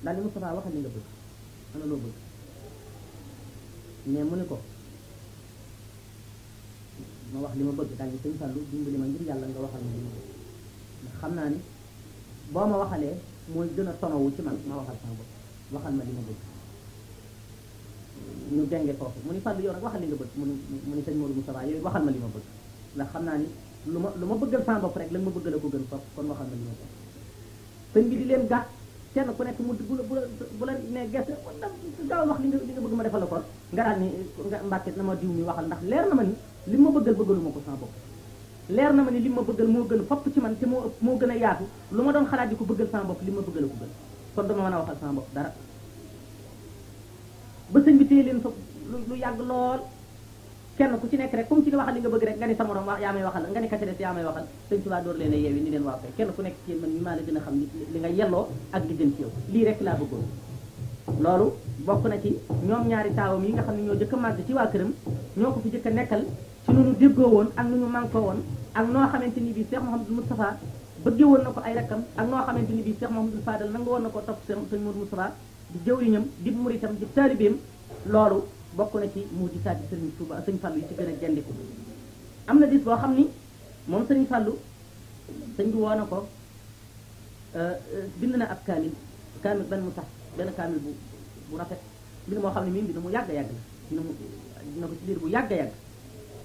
daal di Moustapha waxal li nga bëgg na loo bëgg mais mu ne ko ma wax li ma bëgg daal di sëñ Fallou dimbali ma ngir yàlla nga waxal ma li ma bëgg ndax xam naa ni boo ma waxalee mooy gën a tonowu ci man ma waxal sama bopp waxal ma li ma bëgg ñu denge mu ni Fallou waxal li nga mu ni mu ni sëñ waxal ma li ma bëgg naa ni lu ma lu ma bëggal sama bopp rek la ma bëggal ko gën foofu kon waxal ma li ma bëgg sëñ bi di leen gàtt kenn ku nekk mu bu bu bu la ne gerte gaaw wax li nga li nga bëgg ma defal la ko nga daal ni nga mbàkket na ma diw mi waxal ndax leer na ma ni li ma bëggal bëggalu ma ko sama bopp leer na ma ni li ma bëggal moo gën fopp ci man te moo ëpp moo gën a yaatu lu ma doon xalaat di ko bëggal sama bopp li ma bëggal ko gën kon dama mën a waxal sama bopp dara ba sëñ bi téye leen fa lu yàgg lool kenn ku ci nekk rek comme ci ni waxal li nga bëgg rek nga ne sa morom yaa may waxal nga ne kacades yaa may waxal sëñ Tuubaa leen a yeewi ni leen waaw kay kenn ku nekk ci man maa la gën xam li nga yelloo ak di yow lii rek laa bëggoon loolu bokk na ci ñoom ñaari taawam yi nga xam ne ñoo jëkk a màgg ci waa këram ñoo ko fi jëkk a nekkal ci nu ñu déggoo woon ak nu ñu mànkoo woon ak noo xamante ni bii Cheikh Mouhamadou Moustapha bëggee woon na ko ay rakkam ak noo xamante ni bii Cheikh Mouhamadou Fadal nangu woon na ko topp sëñ Mouhamadou Moustapha di jëwriñam di muritam di taalibeem loolu bokk na ci mu di saati sëriñ Touba sëñ Fallou yi ci gën a jandiku am na bis boo xam ni moom sëriñ Fallou sëñ bi woo na ko euh, euh, bind na ab kaamil kaamil benn mu tax benn kaamil bu bu rafet bind moo xam ne mii mbind mu yàgg yàgg la dina mu dina ko ci diir bu yàgg yàgg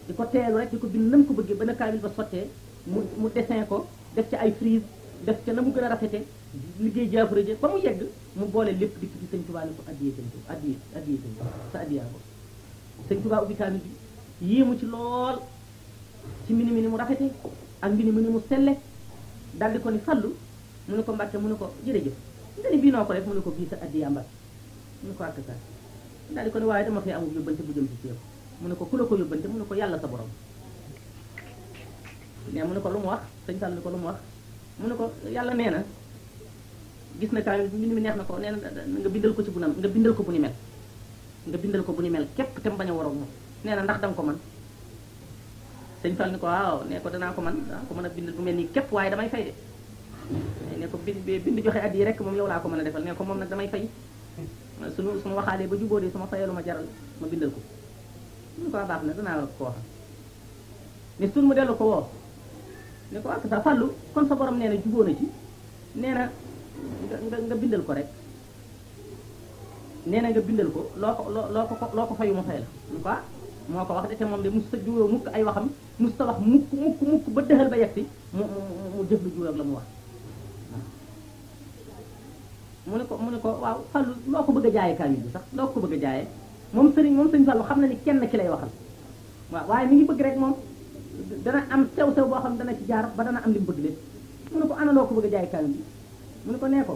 di ko teelu rek di ko bind na mu ko bëggee benn kaamil ba sottee mu mu dessin ko def ci ay frise def ca na mu gën a rafetee liggéey jaafara ja ba yegg mu boole lépp dikk ci sëñ Tuubaa ne ko addiyee sëñ Tuubaa addiyee addiyee sëñ Tuubaa sa addiyaa ko sëñ Tuubaa ubbi kaamil bi yéemu ci lool ci mbind mi ni mu rafete ak mbind mi ni mu selle dal di ko ni fallu mu ne ko Mbàkke mu ne ko jërëjëf nga ni ko def mu ne ko bii sa addiyaa Mbàkke mu ne ko ak sa daal ko ne waaye dama fee amul yóbbante bu jëm ci ceeb mu ne ko ku la ko yóbbante mu ne ko yàlla sa borom mais mu ne ko lu mu wax sëñ Fall ne ko lu mu wax mu ne ko yàlla nee na gis na kaamil bi mbind neex na ko nee na nga bindal ko ci bu na nga bindal ko bu ni mel nga bindal ko bu ni mel képp te mu bañ a waroog moom na ndax danga ko mën sëñ Fall ni ko waaw nee danaa ko mën danaa ko a bind bu mel nii képp waaye damay fay de ne ko bind bind yi rek moom yow laa ko mën a defal ne ko moom nag damay fay suñu suñu waxaalee ba jubóodee su ma fayee lu ma jaral ma bindal ko mu ne ko ah, baax la ko waxal ne suñ mu ko woo ko ak ah, sa fàllu kon sa borom nee na jubóo na ci nee na nga nga bindal ko rek nee na nga bindal ko loo ko loo ko loo ko fayu ma fay la en tout moo ko wax de te moom de mos sa juróom mukk ay waxam mos sa wax mukk mukk ba dëxal ba yegsi mu mu mu jëf mu wax mu ne ko mu ne ko waaw Fallou loo ko bëgg a jaayee kaamil bi sax loo ko bëgg a jaayee moom sëriñ moom sëriñ Fallou xam na ni kenn ki lay waxal waaw waaye mi ngi bëgg rek moom dana am sew sew boo xam ne dana ci jaar ba dana am li bëgg lépp mu ne ko ana loo ko bëgg a jaayee kaamil bi mu ne ko nee ko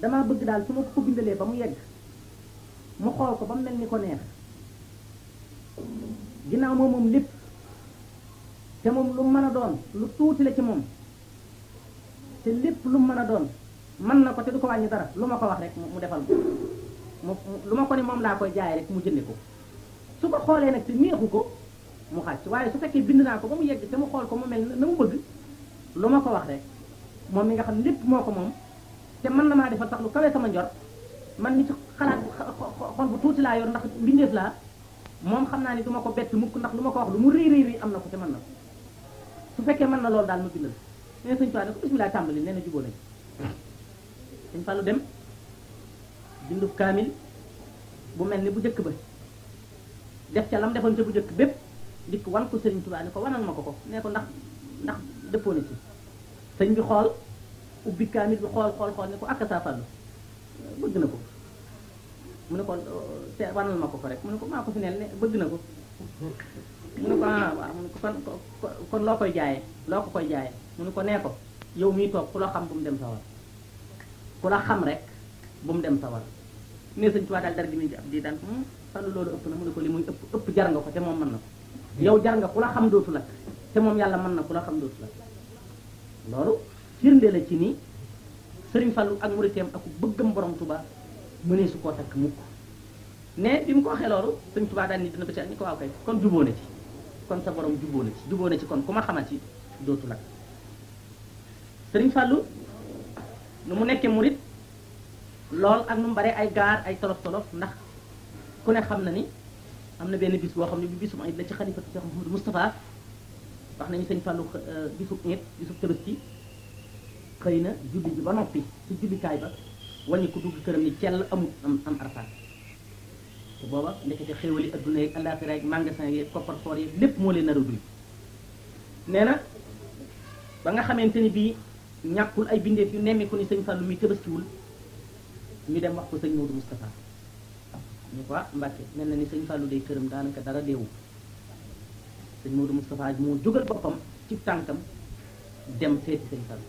damaa bëgg daal su ma ko bindalee ba mu yegg mu xool ko ba mu mel ni ko neex ginnaaw moom moom lépp te moom lu mën a doon lu tuuti la ci moom te lépp lu mën a doon mën na ko te du ko wàññi dara lu ma ko wax rek mu defal ko mu lu ma ko ne moom laa koy jaay rek mu jënde ko su ko xoolee nag te neexu ko mu xàcc waaye su fekkee bind naa ko ba mu yegg te mu xool ko mu mel na mu bëgg lu ma ko wax rek moom mi nga xam lépp moo ko moom te mën na maa defal sax lu kawee sama njor man ni ci xalaat xol bu tuuti laa yor ndax mbindeef laa moom xam naa ni du ma ko bett mukk ndax lu ma ko wax lu mu rëy rëy am na ko te mën na ko su fekkee mën na lool daal ma bindal nee sëñ Tuubaa ne ko bismillah tàmbali nee na juboo nañ sëñ bu mel ni bu jëkk ba def ca lam defoon ca bu jëkk bépp dikk wan ko sëriñ Tuubaa ne ko wanal ma ko ko nee ko ndax ndax dëppoo na sañ bi xool ubbi kaamil bi xool xool xool ne ko ak saa fàllu bëgg na ko mu ne ko te wanal ma ko ko rek mu ne ko maa ko ne bëgg na ko mu ne ko ah waaw kon kon loo koy jaayee loo ko koy jaayee mu ne ko nee ko yow mii toog ku la xam bu mu dem sawar ku la xam rek bu mu dem sawar ne sëñ Tuubaa daal dara gi muy ab di daan hmm, fàllu loolu ëpp na mu ne ko li muy ëpp ëpp jar nga ko te moom mën na ko yow jar nga ku la xam dootu la te moom yàlla mën na ku la xam dootu la loolu firnde la ci nii sëriñ Fallou ak muriteem ak bëggam borom Touba mënee su koo takk mukk ne bi mu ko waxee loolu Serigne Touba daan ni dina ba ci ak ni ko waaw kay kon juboo na ci kon sa borom juboo na ci juboo na ci kon ku ma xamati dootu la Serigne Fallou nu mu nekkee murit lool ak nu mu bare ay gaar ay tolof tolof ndax ku ne xam na ni am na benn bis boo xam ne bi bisum ayib la ci xalifatu Cheikh Mouhamadou Moustapha wax nañu sëñ Fallou euh, bisub eet bisub tëbaski xëy na julli ji ba noppi ci jullikaay ba wàññi ko dugg këram ni cell amut am am arfaat te booba ndekete xéewali adduna yeeg àllaaxira yeeg magasin yeeg koppar foor yeeg lépp moo leen nar a nee na ba nga xamante ni bii ñàkkul ay bindeef yu nemmeeku ni sëñ Fallou mi tëbaskiwul ñu dem wax ko sëñ Modou Moustapha ñu ko ah, Mbàkke mel na ni sëñ Fallou day këram daanaka dara deewu sëñ Modou Moustapha moo jógal boppam cib tànkam dem seeti sëñ Fall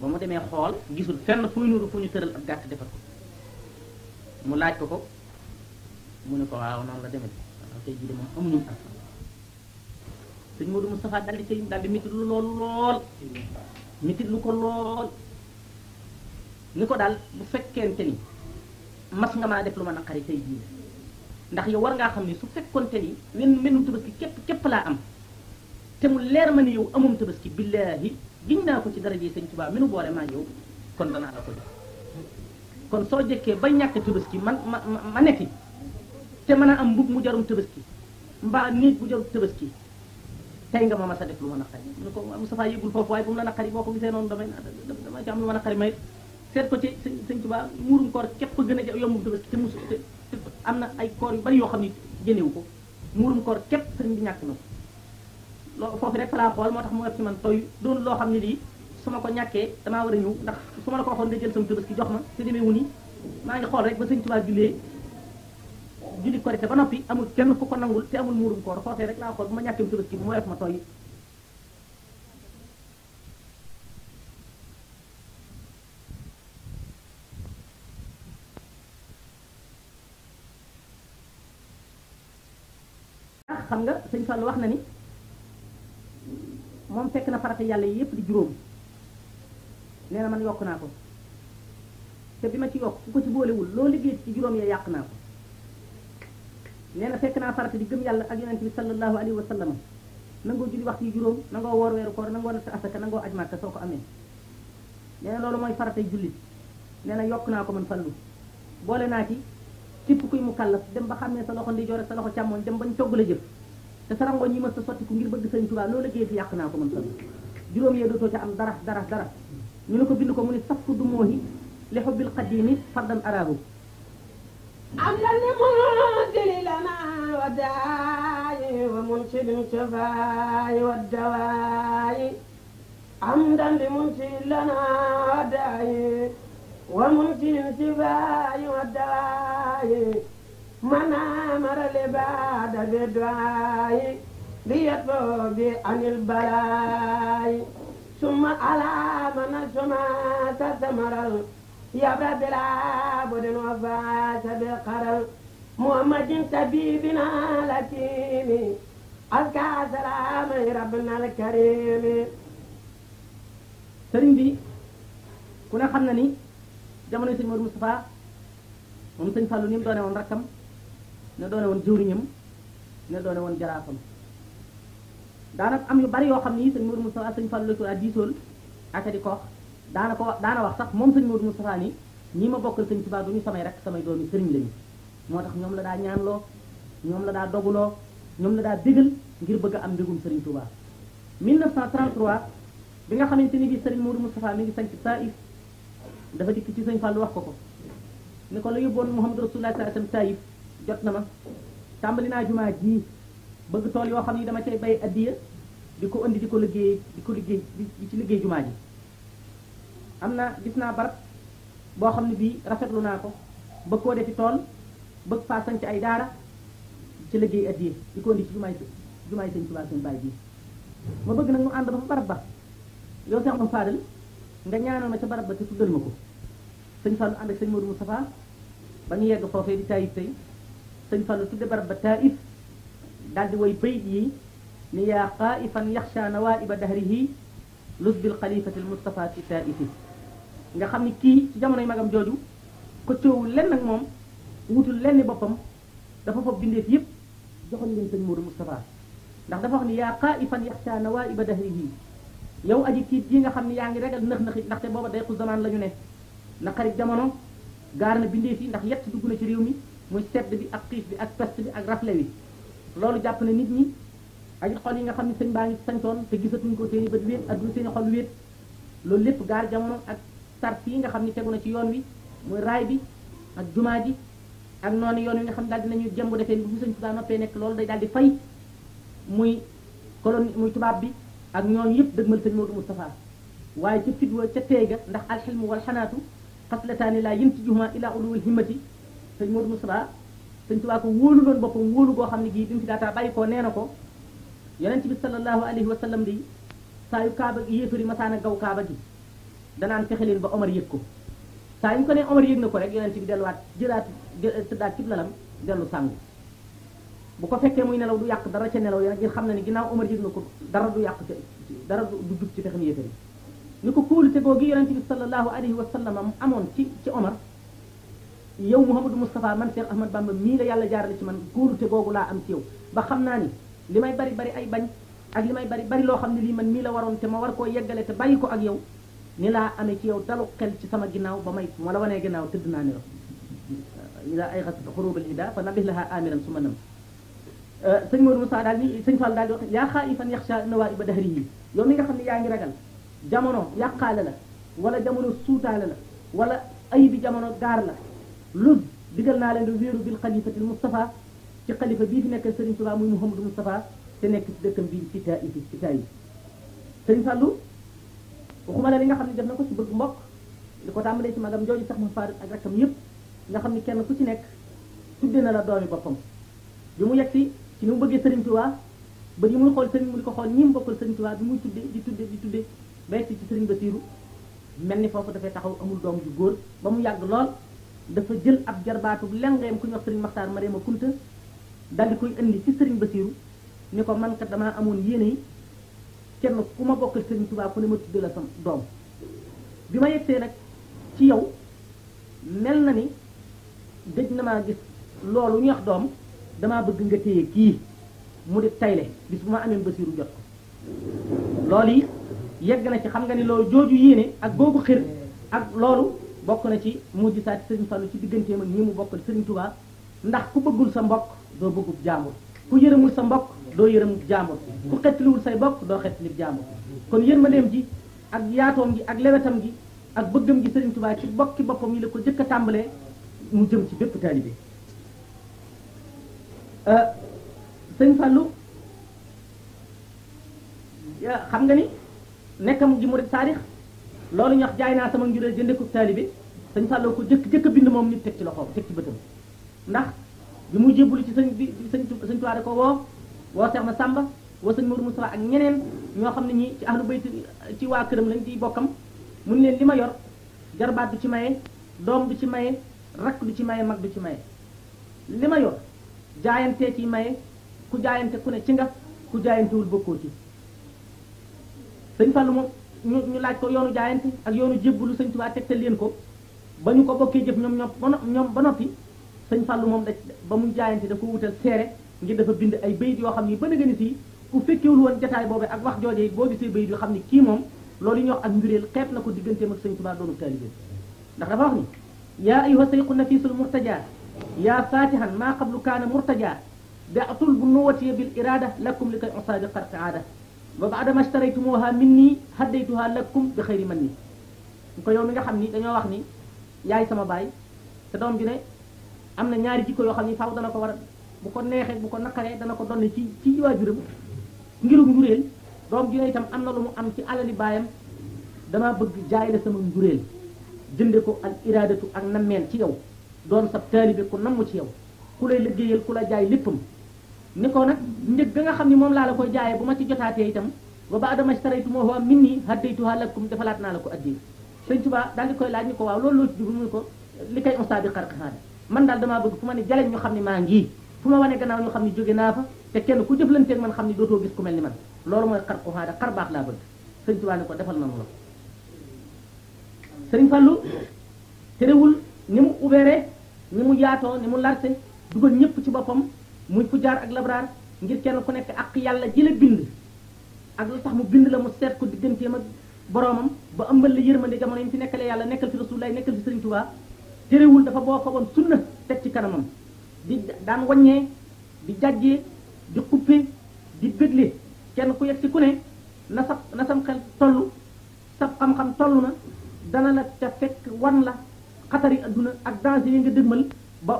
ba mu demee xool gisul fenn fuy nuru fu ñu tëral ab gàtt defar ko mu laaj ko ko mu ne ko waaw noonu la deme waaw tey jii de moom amuñu ak sëñ Modou Moustapha daal di sëñ daal di métit lu lool lool métit lu ko lool ni ko daal bu fekkente ni mas nga maa def lu ma naqari tey jii ndax yow war ngaa xam ni su fekkonte ni wenn mennu tabaski képp képp laa am te mu leer ma ne yow amum tabaski billaahi giñ naa ko ci daraje sëñ Tuubaa minu boole maa yow kon danaa la ko jox kon soo jëkkee ba ñàkk tabaski man ma ma nekk te mën a am mbub mu jarum tabaski mbaa nit bu jarum tabaski tey nga ma mas a def lu ma naqari mu ne ko Moustapha yëgul foofu waaye bu mu la naqari may seet ko ci sëñ Tuubaa muurum koor képp ko gën a yomb tabaski te musu am na ay koor yu bari yoo xam ni jëlewu ko murum koor képp sëriñ bi ñàkk na ko loo foofu rek laa xool moo tax mu ëpp ci man tooy doon loo xam ne lii su ma ko ñàkkee damaa war a ñëw ndax su ma la ko waxoon nga jël sama tabaski jox ma te demeewu ni maa ngi xool rek ba sëñ Tuubaa jullee julli korite ba noppi amul kenn ku ko nangul te amul muurum koor foofee rek laa xool bu ma ñàkkee tabaski bi moo def ma tooy xam nga sëñ Fall wax na ni moom fekk na farata yàlla yi yëpp di juróom nee na man yokk naa ko te bi ma ci yokk ku ko ci boolewul loo liggéey ci juróom ya yàq naa ko nee na fekk naa farata di gëm yàlla ak yonente bi sallallahu alayhi wa sallam nangoo julli waxtu yi juróom nangoo woor weeru koor nangoo sa asaka nangoo aj màkka soo ko amee nee loolu mooy faratay jullit nee na yokk naa ko man fallu boole naa ci képp kuy mu kàllaf dem ba xam ne sa loxo ndijoor ak sa loxo càmmoñ dem bañ togg la jëf te sa rango ñi ma sa sotti ko ngir bëgg sëñ Tuubaa loo liggéey fi yàq naa ko man sam juróom yee dootoo ci am dara dara dara ñu ne ko bind ko mu ne safku du moohi li xubbil qadimi fardan arabu am na li mundili lana wadaayi wa munsidin cafaayi waddawaayi حمدا لمنشئ لنا وداعي ومنشئ الشفاء والدواء من أمر العباد بالدعاء ليطلب عن البلاء ثم على من سمات ثمر يبرى بالعبد وفات بالقرر محمد طبيبنا الحكيم أزكى سلام ربنا الكريم sëriñ bi ku ne xam na ni jamono sëñ Modou Moustapha moom sëñ Fallou ni mu doone woon rakkam na doone woon jëwriñam na doone woon jaraafam daanaka am yu bari yoo xam ni sëñ Mourou Moustapha sëñ Fallou Touré diisoon ak di ko wax daana ko daana wax sax moom sëñ Mourou Moustapha ni ñi ma bokkal sëñ Tuubaa du ñu samay rek samay doomi sëriñ lañu moo tax ñoom la daa ñaanloo ñoom la daa doguloo ñoom la daa bégal ngir bëgg a am mbégum sëriñ Tuubaa 1933 bi nga xamante ni bi sëriñ Mourou Moustapha mi ngi sanc Taïf dafa dikk ci sëñ Fallou wax ko ko ni ko la yóbboon Mouhamadou Rasulullah sallallahu alayhi wa sallam Taïf jot na ma tàmbali naa jumaa ji bëgg tool yoo xam ni dama cay bay addiya di ko indi di ko liggéey di ko liggéey di ci liggéey jumaa ji am na gis naa barab boo xam ne bii rafetlu naa ko bëgg koo ci tool bëgg faa sañ ci ay daara ci liggéey addiya di ko indi ci jumaay jumaay sëñ Tuubaa seen baay ji ma bëgg nag mu ànd ba fa barab ba yow sax ma faadal nga ñaanal ma ci barab ba te tuddal ma ko sëñ Fallou ànd ak sëñ Modou Moustapha ba ñu yegg foofee di taayib tey sëñ Fallu tudde barab ba taif daldi way bayit yi ni yaa qaifan yaxsha nawaiba dahrihi lus bil xalifati almustafa ci taifi nga xam ni kii ci jamonoy magam jooju ko coowul lenn ak moom wutul lenn boppam dafa foog bindeef yëpp joxoñ leen sëñ Moodu Moustapha ndax dafa wax ni yaa qaifan yaxsha nawaiba dahrihi yow aji tiit yi nga xam ni yaa ngi regal nëx nëxi ndaxte booba day ku zamaan la ñu ne naqari jamono gaar na bindeef yi ndax yett dugg na ci réew mi muy sedd bi ak xiif bi ak peste bi ak rafle bi loolu jàpp na nit ñi ak xol yi nga xam ne sëñ baa ngi sancoon te gisatuñ ko seen i bët wéet ak lu seen i xol wéet loolu lépp gaar jamono ak sart yi nga xam ne tegu na ci yoon wi muy raay bi ak jumaa ji ak noonu yoon wi nga xam daal dinañu jëmb defee bu sëñ Tuubaa noppee nekk loolu day daal di fay muy colonie muy tubaab bi ak ñooñu yëpp dëgmal sëñ Moodu Moustapha waaye ca fit wa ca teega ndax alxilmu wal xanaatu xaslataani laa yantijuhuma ila uluwil himmati sëñ Modou Moustapha sëñ Tuubaa ko wóolu loon boppam wóolu goo xam ne gii bi mu fi daataa bàyyi koo nee na ko yonent bi sallallahu alayhi wa sallam di gi yéefari masaana gaw kaaba gi danaan fexe leen ba Omar yëg ko saa yu ko nee Omar na ko rek yonent bi delluwaat jëlaat tëddaat cib lalam dellu sàngu bu ko fekkee muy nelaw du yàq dara ca nelaw ya ngir xam na ne ginnaaw Omar yëg na ko dara du yàq ca dara du jub ci pexem yéefari ni ko kóolute googu yonent bi sallallahu alayhi wa sallam amoon ci ci Omar yow Mouhamadou Moustapha man Cheikh Ahmad Bamba mii la yàlla jaarale ci man kóolute googu laa am ci yow ba xam naa ni li may bari bari ay bañ ak li may bari bari loo xam ne lii man mii la waroon te ma war koo yeggale te bàyyi ko ak yow ni laa amee ci yow dalu xel ci sama ginnaaw ba may ma la wanee ginnaaw tëdd naa ni la ila ay xat xurubal ida fa nabih laha amiran su ma nam euh, sëñ Modou Moussa daal ni sëñ Fall daal di wax yaa xaa ifan yaxsha nawaiba dahri yi yow mi nga xam ne yaa ngi ragal jamono yàqaale la wala jamono suutaale la wala ayibi jamono gaar la luz digal naa leen lu wéeru bil xalifatil Moustapha ci xalifa bii fi nekk Serigne Touba muy Mouhamadou Moustapha te nekk ci dëkkam bii ci taa yi ci taa yi Serigne Fallou waxuma la li nga xam ne def na ko ci bëgg mbokk li ko tàmbalee ci magam jooju sax mu faar ak rakkam yëpp nga xam ne kenn ku ci nekk tudde na la doomi boppam bi mu yegsi ci ni mu bëggee Serigne ba yi muy xool Serigne mu di ko xool ñi mu bokkal Serigne Touba bi muy tudde di tudde di tudde ba yegsi ci Serigne Bassirou mel ni foofu dafay taxaw amul doom ju góor ba mu yàgg lool dafa jël ab jarbaatu lengeem ku ñu wax sëriñ maxtaar mareema kunta daldi koy indi ci sëriñ basiiru ni ko man kat damaa amoon yéene yi kenn ku ma bokkal sëriñ tubaa ku ne ma tudde la sam doom bi ma yegsee nag ci yow mel na ni gëj na maa gis loolu ñu wax doom damaa bëgg nga téye kii mu di tayle bis bu ma amee basiiru jot ko loolu yi yegg na ci xam nga ni loolu jooju yéene ak boobu xir ak loolu bokk na ci mujj saat Serigne Fallou ci digganteem ak ñi mu bokkal Serigne Touba ndax ku bëggul sa mbokk doo bëggub jaamur ku yërëmul sa mbokk doo yërëmub jaamur ku xettaliwul say mbokk doo xettalib jaamur kon yërmandeem ji ak yaatoom gi ak lewetam gi ak bëggam gi Serigne Touba ci bokki boppam yi la ko jëkk a tàmbalee mu jëm ci bépp taalibe euh, Serigne Fallou xam nga ni nekkam gi murid saadix loolu ñax jaay naa sama njuree jënde ko taalibe sëñ Fallou ko jëkk jëkk bind moom nit teg ci loxoom teg ci bëtam ndax bi mu jébbalu ci sëñ bi sëñ sëñ Tuubaa da ko woo woo Seex Masàmba woo sëñ Mourou Moussa ak ñeneen ñoo xam ne ñi ci ahlu bayt ci waa këram lañ di bokkam mun leen li ma yor jarbaat du ci maye doom du ci maye rakk du ci maye mag du ci maye li ma yor jaayantee ci maye ku jaayante ku ne ci nga ku jaayantewul bokkoo ci sëñ Fallou moom ñu ñu laaj ko yoonu jaayante ak yoonu jébbalu sëñ Tuubaa tegtal leen ko ba ñu ko bokkee jëf ñoom ñoom ñoom ba noppi sëñ Fàllu moom da ba muy jaayante da ko wutal seere ngir dafa bind ay bayit yoo xam ni ba nëgëni si ku fekkewul woon jataay boobu ak wax joojee boo gisee bayit yoo xam ni kii moom loolu ñuy wax ak mbiréel xeeb na ko digganteem ak sëñ Tuubaa doonu taalibe ndax dafa wax ni yaa ayuha sayqu nafisul murtaja yaa fatihan maa qablu kaana murtaja da atul bu nuwatiya bil irada lakum li koy osaadi xarqaada وبعد ما اشتريتموها مني هديتها لكم بخير مني نكو يوم نيغا خامني دانيو واخني ياي سما باي تا دوم بي ني امنا نياري جيكو يو خامني فاو دانكو وارا بو كو نيهي بو كو نكاري دانكو دوني سي سي واجورم نغيرو نغوريل دوم جي ني تام امنا لومو ام سي علالي بايام داما بڬ جاي لا سما نغوريل جنديكو ان ارادتو اك نامين سي يو دون سب طالب كو نامو سي يو كولاي لغييل كولا جاي ليپم ni ko nag njëg ga nga xam ne moom laa la koy jaayee bu ma ci jotaatee itam wa ba adama staraytumuha minni haddaytuha lakum defalaat naa la ko addi sëñ Tuubaa daal di koy laaj ko waaw loolu loo ci ko li koy unsta bi xarqaxaada man daal damaa bëgg fu ma ne jaleñ ñu xam ne maa ngii fu ma wanee gannaaw ñu xam ne jóge naa fa te kenn ku jëflanteeg man xam ne dootoo gis ku mel ni man loolu mooy xarqaxaada xar baax laa bëgg sëñ Tuubaa ni ko defal na mu la sëriñ terewul ni mu ubéree ni mu yaatoo ni mu larse dugal ñëpp ci boppam muy fujaar ak labraar ngir kenn ku nekk ak yàlla ji la bind ak lu tax mu bind la mu seet ko digganteem ak boroomam ba ëmbal la yërmande jamono yi mu ci nekkalee yàlla nekkal fi rasulullaay nekkal fi sëriñ Tuubaa terewul dafa boo faboon sunna teg ci kanamam di daan waññee di jàjjee di xuppe di bégle kenn ku yegg si ku ne na sab na sam xel toll sab xam-xam toll na dana la ca fekk wan la xatari adduna ak danger yi nga dëgmal ba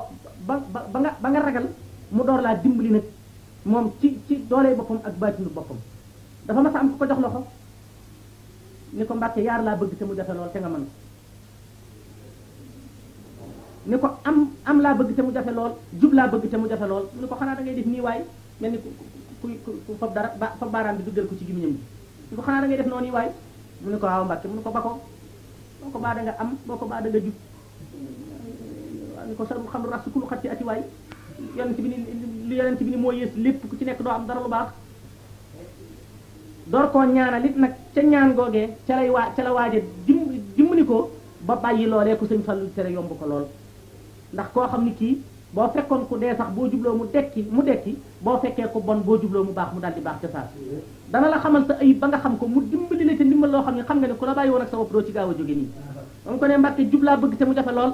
ba ba nga ba nga ragal mu door laa dimbali nag moom ci ci doolee boppam ak baatinu boppam dafa mas a am ku ko jox loxo ni ko mbàkke yaar laa bëgg te mu jafe lool te nga mën ni ko am am laa bëgg te mu jafe lool jub laa bëgg te mu jafe lool mu ne ko xanaa da ngay def nii waay mel ni ku ku dara ba fab baaraam bi duggal ko ci gémmiñam bi xanaa da ngay def noonu waay mu ne ko waaw mbàkke mu ni ko ba ko boo ko baa da am boo ko baa da nga jub ni ko saru xam rasu kulu xat ci ati waay yonent bi ni li moo yées lépp ku ci nekk doo am dara lu baax door koo ñaanal it nag ca ñaan googee ca lay waa ca la waaje jim ni ko ba bàyyi loolee ku sëñ Fallu sere yomb ko lool ndax koo xam ni kii boo fekkoon ku dee sax boo jubloo mu dekki mu dekki boo fekkee ko bon boo jubloo mu baax mu daal di baax ca saa dana la xamal sa ayib ba nga xam ko mu dimbali la ca ndimbal loo xam ne xam nga ne ku la bàyyi woon ak sa bopp doo ci gaaw a jóge nii. moom ko ne bëgg te mu jafe lool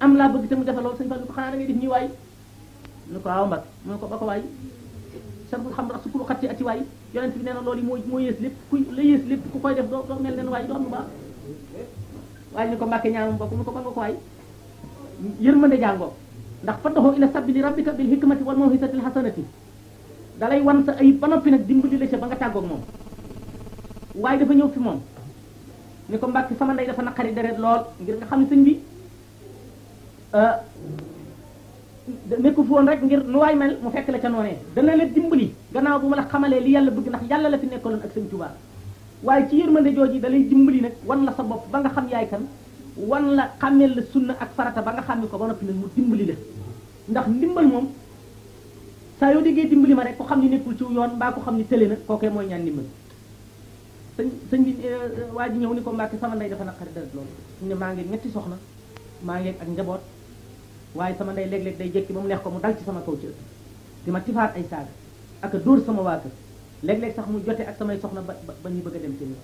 am laa bëgg tamit defal loolu sëñ Fallu ko xanaa da ngay def ñi waay ñu ko waaw mbag mu ne ko ba ko waay sabul xam ndax su ko xatti ati waay yonent bi nee na loolu yi moo moo yées lépp ku la yées lépp ku koy def doo doo mel nen waay doo am na baax waaye ñu ko mbàkke ñaamam bokk mu ko kon nga ko waay yërmande jàngoo ndax faddahu ila sabili rabbika bil hikmati wal mawhisatil hasanati dalay wan sa ayib ba noppi nag dimbali la ca ba nga tàggoog moom waaye dafa ñëw fi moom ni ko mbàkke sama ndey dafa naqari deret lool ngir nga xam ne sëñ bi Euh, nekku fi woon rek ngir nu waay mel mu fekk la ca noonee dana la dimbali gannaaw bu ma la xamalee li yàlla bëgg ndax yàlla la fi nekkaloon ak sëñ Tuubaa waaye ci yërmande jooji da dalay dimbali nag wan la sa bopp ba nga xam yaay kan wan la xameel la sunna ak farata ba nga xam ni ko ba noppi dimbali la ndax ndimbal moom saa yoo dimbali ma rek ku xam ni nekkul ci yoon mbaa ko xam ni tële na kookee mooy ñaan ndimbal sëñ sëñ bi euh, waa ji ñëw ni ko sama ndey dafa naqari dara loolu ne maa ngi ñetti soxna maa ngi ak njaboot waaye sama ndey léeg-léeg day jékki ba mu neex ko mu dal ci sama kaw ci di ma tifaat ay saaga ak a dóor sama waa kër léeg-léeg sax mu jote ak samay soxna ba ba ñuy bëgg a dem seen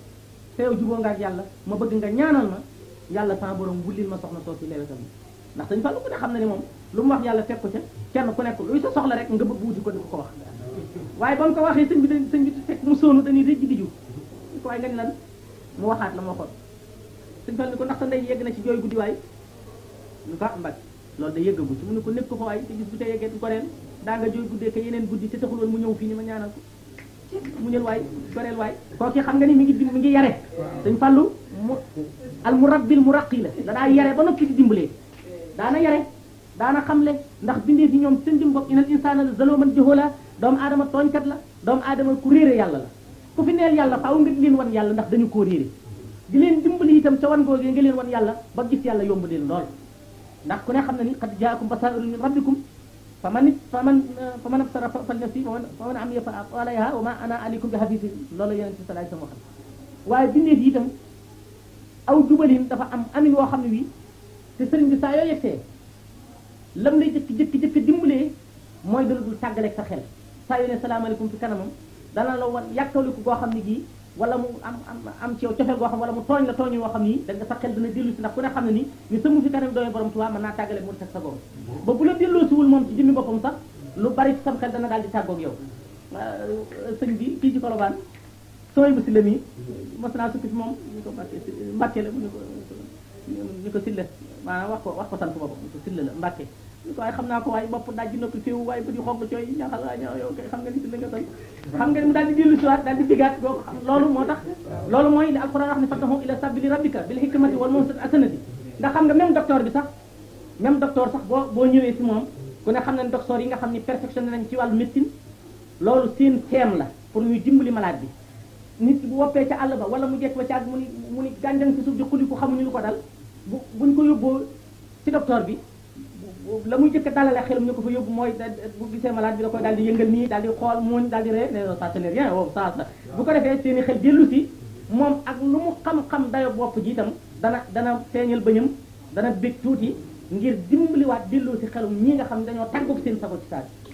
te yow juboo yàlla ma bëgg nga ñaanal ma yàlla sama borom wullil ma soxna soo si lewetam ndax dañ fa lu na ni moom lu mu yàlla fekk ko kenn ku nekk luy sa soxla rek nga bëgg wuti ko ko ko wax waaye ba mu ko waxee sëñ bi dañ sëñ bi fekk mu soonu dañuy rëj di ju ko waaye nga ni lan mu waxaat la ma waxoon sëñ fal ni ko ndax sa ndey yegg na ci jooy guddi waay lu ko mbag loolu da yëggagu ci mu ne ko nekk ko ay te gis bu tey yeggee du goreel daa nga jooy guddee ka yeneen guddi te taxuloon mu ñëw fii ni ma ñaanal mu ñël waay goreel waay kooki xam nga ni mi ngi mi ngi yare dañ fàllu mu al murabbil muraqi la da daa yare ba noppi di dimbalee daana yare daana xamle ndax bindee fi ñoom seen jëm bopp inal insaana la zaluman jahula doomu aadama tooñkat la doomu aadama ku réere yàlla la ku fi neel yàlla faaw nga di leen wan yàlla ndax dañu koo réere di leen dimbali itam ca wan googee nga leen wan yàlla ba gis yàlla leen lool ndax ku ne xam na ni qad jaakum basairu min rabbikum faman faman faman absara falyasbi faman am yafa alayha wa ma ana alikum bi hadith lolo yonente ci salaay sama xam waye bindeef yi itam aw jubalin dafa am amin wo xamni wi te serigne bi sa yo yexé lam lay jëkk jëkk jëkk dimbalee moy do lu tàggaleeg sa xel sa yu ne alaykum fi kanamam dana la wan yàkkaliku go xamni gi wala mu am am am ci yow cofeel goo xam wala mu tooñ la tooñ woo xam ni da nga sa xel dina dellu si ndax ku ne xam ne ni ñu sëmmu fi kanam dooy borom Tuubaa mën naa tàggale mu teg sa borom ba bu la delloosiwul moom ci jëmmi boppam sax lu bari sam xel dana daal di tàggoog yow sëñ bi kii ci Colobane sooy bu si la mii mos naa sukki fi moom ñu ko Mbàkke la mu ñu ko ñu ko silla maanaam wax ko wax ko sant ko silla la Mbàkke waaye xam naa ko waaye bopp daj ji noppi féewu waaye bu di xonk cooy ñaxal waaye ñaxal xam nga ni si li xam nga ni mu daal di dellu siwaat daal di diggaat loolu moo tax loolu mooy li alquran wax ne fatahu ila sabili rabbika bil hikmati wal mawsat asanati ndax xam nga même docteur bi sax même docteur sax boo boo ñëwee si moom ku ne xam ne docteur yi nga xam ni perfectionné nañ ci wàllu médecine loolu seen thème la pour ñuy dimbali malade bi nit bu woppee ca àll ba wala mu jekk ba ca àgg mu ni ko xamuñu lu ko dal bi la muy jëkk dalale xelam ñu ko fa yóbbu mooy bu gisee malade bi da koy daal di yëngal nii daal di xool muuñ daal di ree ne ça tenait rien wow ça bu ko defee seeni xel dellu moom ak lu mu xam-xam dayo bopp ji itam dana dana feeñal bëñam dana bég tuuti ngir dimbaliwaat dellu si xelum ñi nga xam dañoo tàggoog seen sago ci saa si